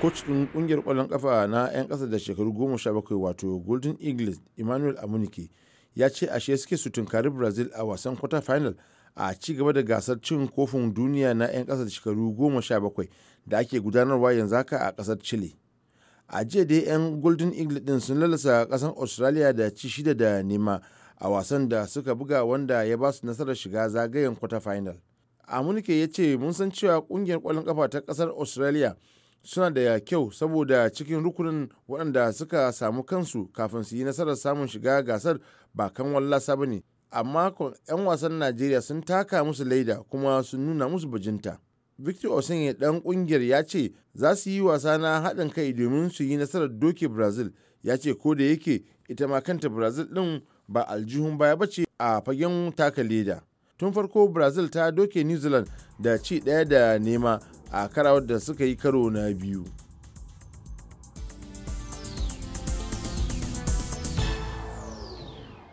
coach din kungiyar kwallon kafa na 'yan kasa da shekaru 17 wato golden eagles emmanuel amunike ya ce ashe suke su tunkari brazil a wasan quarter final a ci gaba da gasar cin kofin duniya na 'yan kasa da shekaru 17 da ake gudanarwa yanzu haka a kasar chile a jiya dai 'yan golden eagles din sun lalasa kasar australia da ci shida da nema a wasan da suka buga wanda ya ba su nasarar shiga zagayen quarter final amunike ya ce mun san cewa kungiyar kwallon kafa ta kasar australia suna da kyau saboda cikin rukunin waɗanda suka samu kansu kafin su yi nasarar samun shiga gasar ba kan wallasa ba ne amma 'yan wasan najeriya sun taka musu laida kuma sun nuna musu bajinta victor osinye dan kungiyar ya ce za su yi wasa na haɗin kai domin su yi nasarar doke brazil ya ce ko da yake ita ma kanta brazil ɗin ba aljihun baya ba ce a fagen taka leda tun farko brazil ta doke new zealand da ci ɗaya da nema a karawar da suka yi karo na biyu